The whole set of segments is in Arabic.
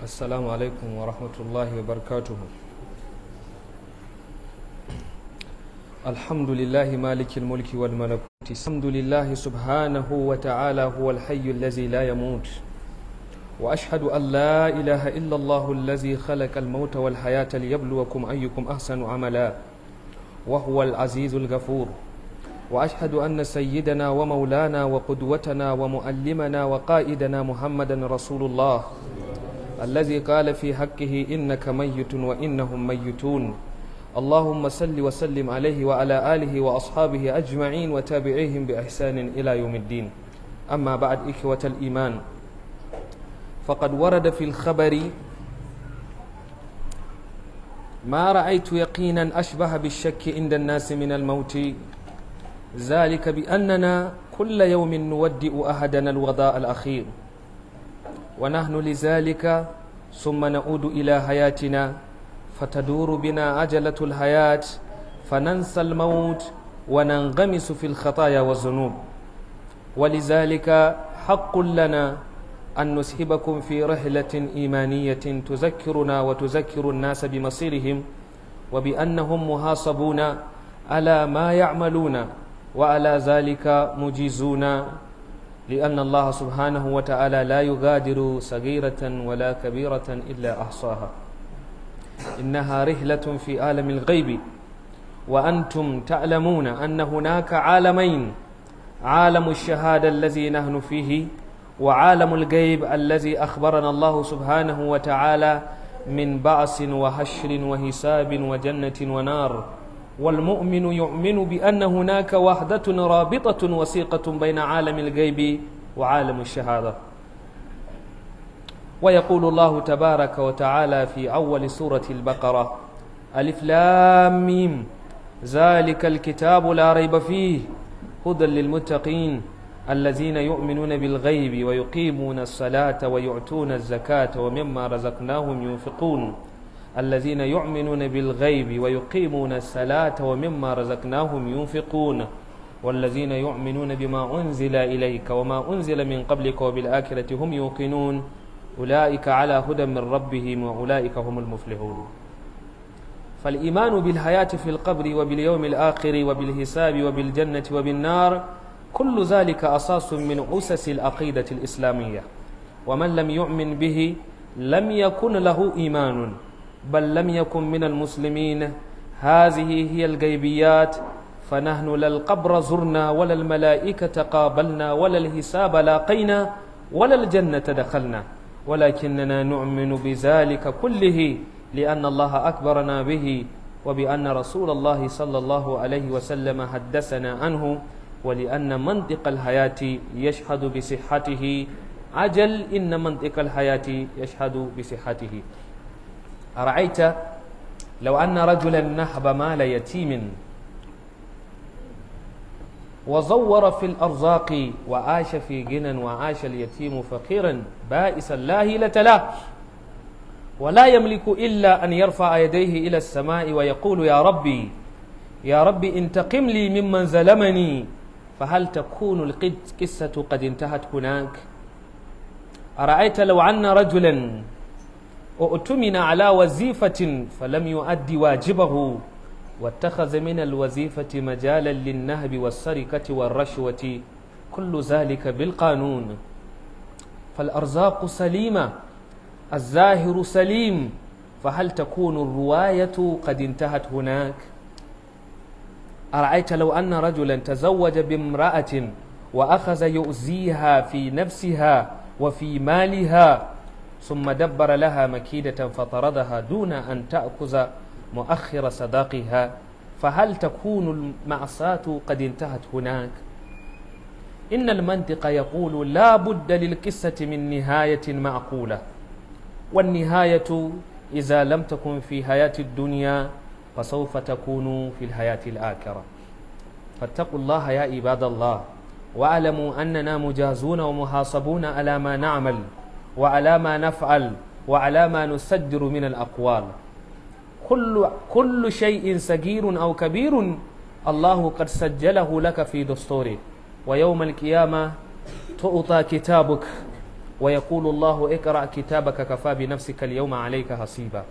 السلام عليكم ورحمة الله وبركاته الحمد لله مالك الملك والملكوت الحمد لله سبحانه وتعالى هو الحي الذي لا يموت وأشهد أن لا إله إلا الله الذي خلق الموت والحياة ليبلوكم أيكم أحسن عملا وهو العزيز الغفور وأشهد أن سيدنا ومولانا وقدوتنا ومؤلمنا وقائدنا محمدا رسول الله الذي قال في حقه إنك ميت وإنهم ميتون اللهم صل وسلم عليه وعلى آله وأصحابه أجمعين وتابعيهم بإحسان إلى يوم الدين أما بعد إخوة الإيمان فقد ورد في الخبر ما رأيت يقينا أشبه بالشك عند الناس من الموت ذلك بأننا كل يوم نودئ أحدنا الوضاء الأخير ونحن لذلك ثم نعود إلى حياتنا فتدور بنا عجلة الحياة فننسى الموت وننغمس في الخطايا والذنوب ولذلك حق لنا أن نسحبكم في رحلة إيمانية تذكرنا وتذكر الناس بمصيرهم وبأنهم محاسبون على ما يعملون وعلى ذلك مجيزون لأن الله سبحانه وتعالى لا يغادر صغيرة ولا كبيرة إلا أحصاها إنها رحلة في عالم الغيب وأنتم تعلمون أن هناك عالمين عالم الشهادة الذي نحن فيه وعالم الغيب الذي أخبرنا الله سبحانه وتعالى من بعث وحشر وحساب وجنة ونار والمؤمن يؤمن بأن هناك وحدة رابطة وثيقة بين عالم الغيب وعالم الشهادة ويقول الله تبارك وتعالى في أول سورة البقرة ألف لام ميم ذلك الكتاب لا ريب فيه هدى للمتقين الذين يؤمنون بالغيب ويقيمون الصلاة ويؤتون الزكاة ومما رزقناهم ينفقون الذين يؤمنون بالغيب ويقيمون الصلاة ومما رزقناهم ينفقون والذين يؤمنون بما أنزل إليك وما أنزل من قبلك وبالآخرة هم يوقنون أولئك على هدى من ربهم وأولئك هم المفلحون فالإيمان بالحياة في القبر وباليوم الآخر وبالحساب وبالجنة وبالنار كل ذلك أساس من أسس العقيدة الإسلامية ومن لم يؤمن به لم يكن له إيمان بل لم يكن من المسلمين هذه هي الغيبيات فنحن لا القبر زرنا ولا الملائكة قابلنا ولا الحساب لاقينا ولا الجنة دخلنا ولكننا نؤمن بذلك كله لأن الله أكبرنا به وبأن رسول الله صلى الله عليه وسلم حدثنا عنه ولأن منطق الحياة يشهد بصحته عجل إن منطق الحياة يشهد بصحته أرأيت لو أن رجلا نهب مال يتيم وزور في الأرزاق وعاش في غنى وعاش اليتيم فقيرا بائسا لاهلة له ولا يملك إلا أن يرفع يديه إلى السماء ويقول يا ربي يا ربي انتقم لي ممن ظلمني فهل تكون القصة قد انتهت هناك أرأيت لو أن رجلا اؤتمن على وظيفة فلم يؤدي واجبه واتخذ من الوظيفة مجالا للنهب والسرقة والرشوة كل ذلك بالقانون فالأرزاق سليمة الزاهر سليم فهل تكون الرواية قد انتهت هناك أرأيت لو أن رجلا تزوج بامرأة وأخذ يؤذيها في نفسها وفي مالها ثم دبر لها مكيدة فطردها دون أن تأخذ مؤخر صداقها فهل تكون المعصاة قد انتهت هناك إن المنطق يقول لا بد للقصة من نهاية معقولة والنهاية إذا لم تكن في حياة الدنيا فسوف تكون في الحياة الآخرة فاتقوا الله يا عباد الله واعلموا أننا مجازون ومحاسبون على ما نعمل وعلى ما نفعل وعلى ما نسجر من الأقوال كل, كل شيء صغير أو كبير الله قد سجله لك في دستوره ويوم القيامة تؤطى كتابك ويقول الله اقرأ كتابك كفى بنفسك اليوم عليك حسيبا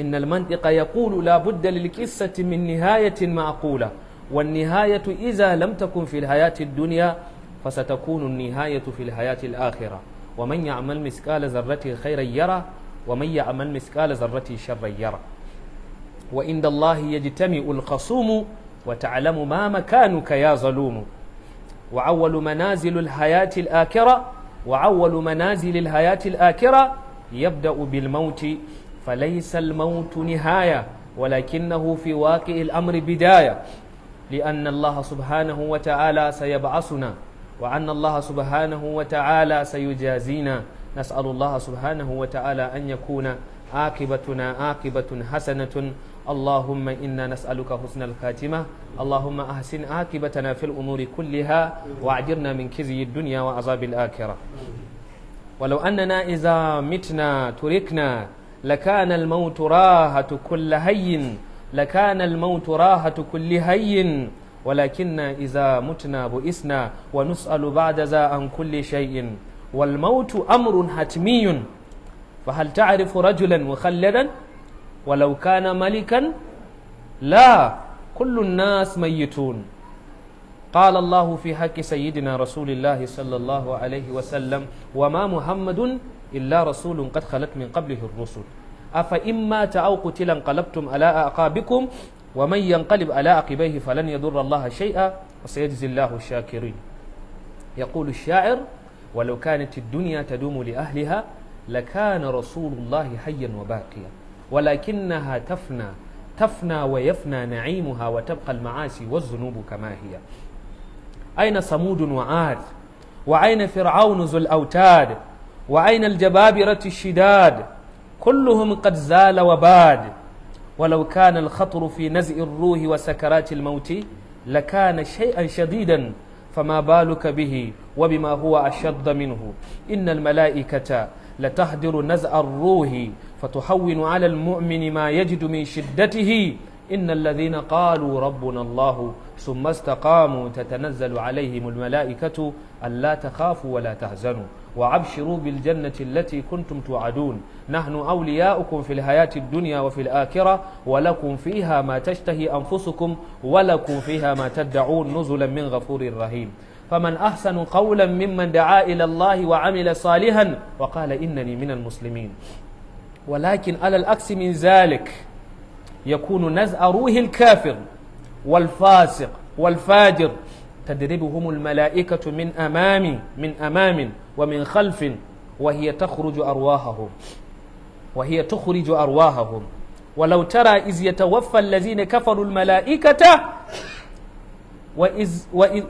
إن المنطق يقول لا بد للكسة من نهاية معقولة والنهاية إذا لم تكن في الحياة الدنيا فستكون النهاية في الحياة الآخرة ومن يعمل مثقال ذرة خيرا يره ومن يعمل مثقال ذرة شرا يره وعند الله يجتمع الخصوم وتعلم ما مكانك يا ظلوم وعول منازل الحياة الآخرة وعول منازل الحياة الآخرة يبدأ بالموت فليس الموت نهاية ولكنه في واقع الأمر بداية لأن الله سبحانه وتعالى سيبعثنا وأن الله سبحانه وتعالى سيجازينا نسأل الله سبحانه وتعالى أن يكون عاقبتنا عاقبة حسنة اللهم إنا نسألك حسن الخاتمة اللهم أحسن عاقبتنا في الأمور كلها وأعجرنا من كزي الدنيا وعذاب الآخرة ولو أننا إذا متنا تركنا لكان الموت راحة كل هين لكان الموت راحة كل هين ولكن إذا متنا بئسنا ونسأل بعد ذا عن كل شيء والموت أمر حتمي فهل تعرف رجلا مخلدا ولو كان ملكا لا كل الناس ميتون قال الله في حق سيدنا رسول الله صلى الله عليه وسلم وما محمد إلا رسول قد خلت من قبله الرسل أفإما تأو قتلا انقلبتم على أعقابكم ومن ينقلب على عقبيه فلن يضر الله شيئا وسيجزي الله الشاكرين يقول الشاعر ولو كانت الدنيا تدوم لأهلها لكان رسول الله حيا وباقيا ولكنها تفنى تفنى ويفنى نعيمها وتبقى المعاصي والذنوب كما هي أين ثمود وعاد وأين فرعون ذو الأوتاد وأين الجبابرة الشداد كلهم قد زال وباد ولو كان الخطر في نزء الروح وسكرات الموت لكان شيئا شديدا فما بالك به وبما هو أشد منه إن الملائكة لتهدر نزع الروح فتحون على المؤمن ما يجد من شدته إن الذين قالوا ربنا الله ثم استقاموا تتنزل عليهم الملائكة ألا تخافوا ولا تحزنوا وابشروا بالجنة التي كنتم توعدون نحن أولياؤكم في الحياة الدنيا وفي الآخرة ولكم فيها ما تشتهي أنفسكم ولكم فيها ما تدعون نزلا من غفور رحيم فمن أحسن قولا ممن دعا إلى الله وعمل صالحا وقال إنني من المسلمين ولكن على العكس من ذلك يكون نزع روح الكافر والفاسق والفاجر تدربهم الملائكة من أمام من أمام ومن خلف وهي تخرج أرواحهم وهي تخرج أرواحهم ولو ترى إذ يتوفى الذين كفروا الملائكة وإذ وإذ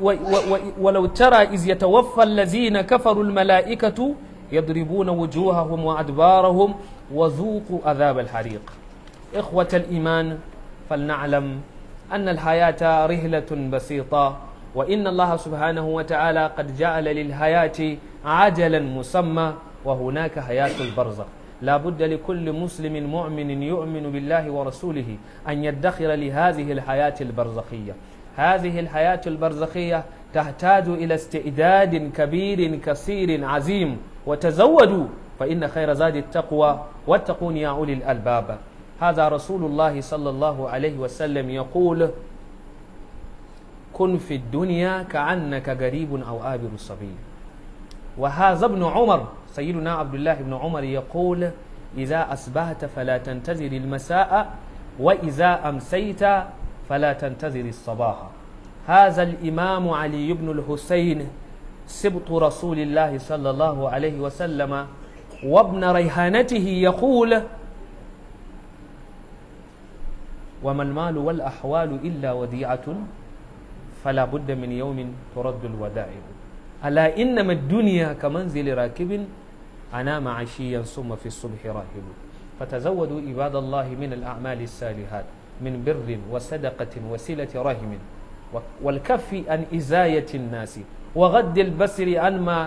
ولو ترى إذ يتوفى الذين كفروا الملائكة يضربون وجوههم وأدبارهم وذوقوا عذاب الحريق إخوة الإيمان فلنعلم أن الحياة رهلة بسيطة وإن الله سبحانه وتعالى قد جعل للحياة عجلا مسمى وهناك حياة البرزخ لا بد لكل مسلم مؤمن يؤمن بالله ورسوله أن يدخر لهذه الحياة البرزخية هذه الحياة البرزخية تحتاج إلى استعداد كبير كثير عظيم وتزودوا فإن خير زاد التقوى واتقون يا أولي الألباب هذا رسول الله صلى الله عليه وسلم يقول كن في الدنيا كأنك غريب أو آبر الصبي وهذا ابن عمر سيدنا عبد الله بن عمر يقول إذا أصبحت فلا تنتظر المساء وإذا أمسيت فلا تنتظر الصباح هذا الإمام علي بن الحسين سبط رسول الله صلى الله عليه وسلم وابن ريحانته يقول وما المال والأحوال إلا وديعة فلا بد من يوم ترد الودائع ألا إنما الدنيا كمنزل راكب أنام عشيا ثم في الصبح راهب فتزودوا عباد الله من الأعمال الصالحات من بر وصدقة وسلة رحم والكف عن إزاية الناس وغد البصر عن ما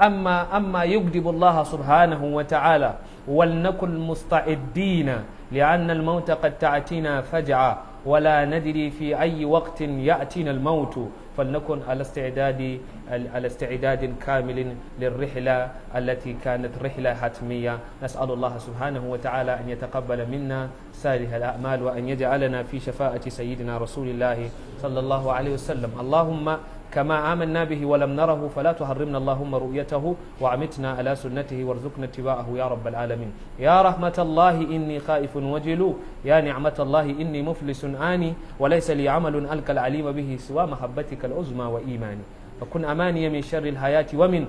أما أما يكذب الله سبحانه وتعالى ولنكن مستعدين لأن الموت قد تعتنا فجعة ولا ندري في أي وقت يأتينا الموت فلنكن على استعداد على استعداد كامل للرحلة التي كانت رحلة حتمية نسأل الله سبحانه وتعالى أن يتقبل منا صالح الأعمال وأن يجعلنا في شفاعة سيدنا رسول الله صلى الله عليه وسلم اللهم كما آمنا به ولم نره فلا تحرمنا اللهم رؤيته وعمتنا على سنته وارزقنا اتباعه يا رب العالمين يا رحمة الله إني خائف وجل يا نعمة الله إني مفلس آني وليس لي عمل ألقى العليم به سوى محبتك الأزمى وإيماني فكن أماني من شر الحياة ومن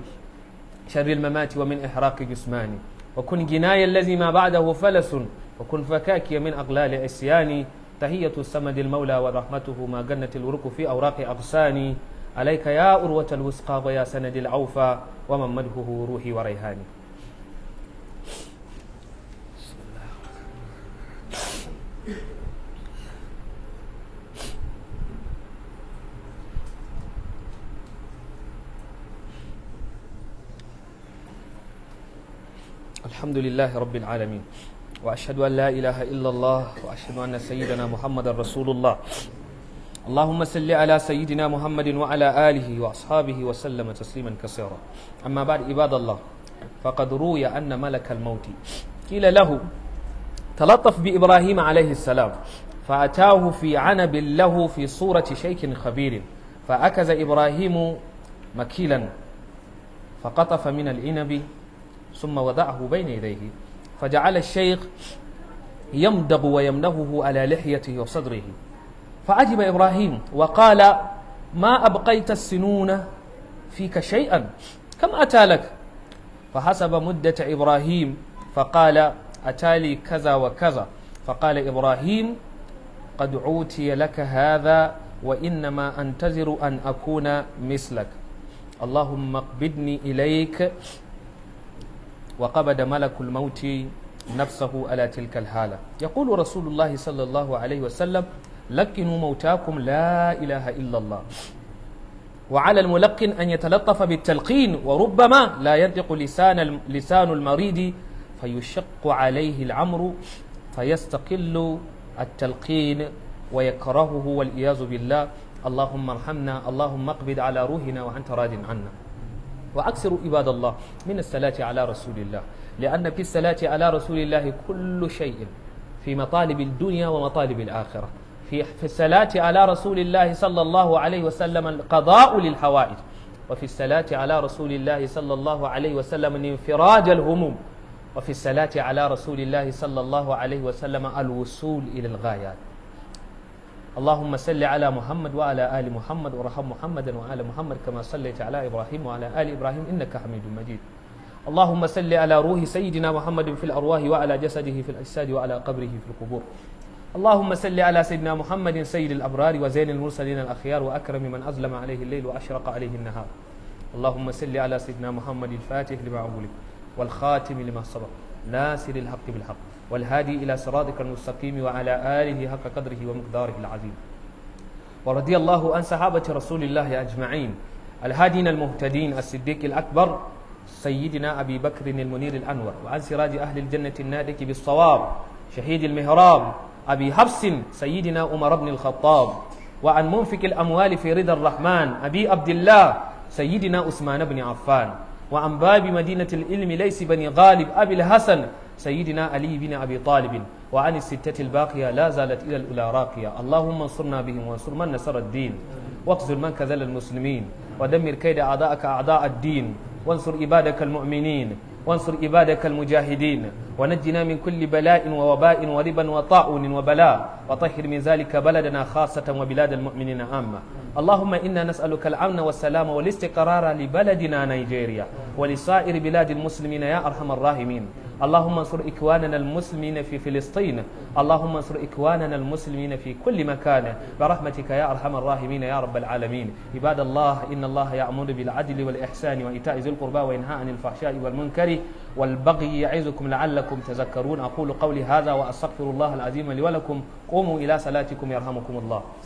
شر الممات ومن إحراق جسماني وكن جناي الذي ما بعده فلس وكن فكاكي من أغلال عصياني تهية السمد المولى ورحمته ما جنت الورق في أوراق أغساني عليك يا أروة الوسقى ويا سند العوفى ومن مدهه روحي وريهاني الحمد لله رب العالمين وأشهد أن لا إله إلا الله وأشهد أن سيدنا محمد رسول الله اللهم صل على سيدنا محمد وعلى آله وأصحابه وسلم تسليما كثيرا أما بعد عباد الله فقد روي أن ملك الموت قيل له تلطف بإبراهيم عليه السلام فأتاه في عنب له في صورة شيك خبير فأكز إبراهيم مكيلا فقطف من العنب ثم وضعه بين يديه فجعل الشيخ يمدغ ويمنهه على لحيته وصدره فعجب إبراهيم وقال ما أبقيت السنون فيك شيئا كم أتى لك فحسب مدة إبراهيم فقال أتالي كذا وكذا فقال إبراهيم قد عوتي لك هذا وإنما أنتظر أن أكون مثلك اللهم اقبضني إليك وقبض ملك الموت نفسه على تلك الحالة يقول رسول الله صلى الله عليه وسلم لكنوا موتاكم لا إله إلا الله وعلى الملقن أن يتلطف بالتلقين وربما لا ينطق لسان لسان المريض فيشق عليه الأمر فيستقل التلقين ويكرهه والعياذ بالله اللهم ارحمنا اللهم اقبض على روحنا وأنت راد عنا وأكثروا عباد الله من الصلاة على رسول الله لأن في الصلاة على رسول الله كل شيء في مطالب الدنيا ومطالب الآخرة في في الصلاة على رسول الله صلى الله عليه وسلم القضاء للحوائج وفي الصلاة على رسول الله صلى الله عليه وسلم انفراج الهموم وفي الصلاة على رسول الله صلى الله عليه وسلم الوصول إلى الغايات اللهم صل على محمد وعلى آل محمد وارحم محمدا وآل محمد كما صليت على إبراهيم وعلى آل إبراهيم إنك حميد مجيد اللهم صل على روح سيدنا محمد في الأرواح وعلى جسده في الأجساد وعلى قبره في القبور اللهم صل على سيدنا محمد سيد الأبرار وزين المرسلين الأخيار وأكرم من أظلم عليه الليل وأشرق عليه النهار اللهم صل على سيدنا محمد الفاتح لما أغلق والخاتم لما سبق ناصر الحق بالحق والهادي إلى صراطك المستقيم وعلى آله حق قدره ومقداره العظيم ورضي الله عن صحابة رسول الله أجمعين الهادين المهتدين الصديق الأكبر سيدنا أبي بكر المنير الأنور وعن سراج أهل الجنة النادك بالصواب شهيد المهراب أبي حفص سيدنا عمر بن الخطاب وعن منفق الأموال في رضا الرحمن أبي عبد الله سيدنا عثمان بن عفان وعن باب مدينة العلم ليس بن غالب أبي الحسن سيدنا علي بن أبي طالب وعن الستة الباقية لا زالت إلى الأولى راقية اللهم انصرنا بهم وانصر من نصر الدين واقتل من كذل المسلمين ودمر كيد أعداءك أعداء الدين وانصر عبادك المؤمنين وانصر عبادك المجاهدين ونجنا من كل بلاء ووباء وربا وطاعون وبلاء وطهر من ذلك بلدنا خاصة وبلاد المؤمنين عامة اللهم إنا نسألك الأمن والسلام والاستقرار لبلدنا نيجيريا ولسائر بلاد المسلمين يا أرحم الراحمين اللهم انصر إخواننا المسلمين في فلسطين اللهم انصر إخواننا المسلمين في كل مكان برحمتك يا أرحم الراحمين يا رب العالمين عباد الله إن الله يأمر بالعدل والإحسان وإيتاء ذي القربى وينهى عن الفحشاء والمنكر والبغي يعظكم لعلكم تذكرون أقول قولي هذا وأستغفر الله العظيم لي ولكم قوموا إلى صلاتكم يرحمكم الله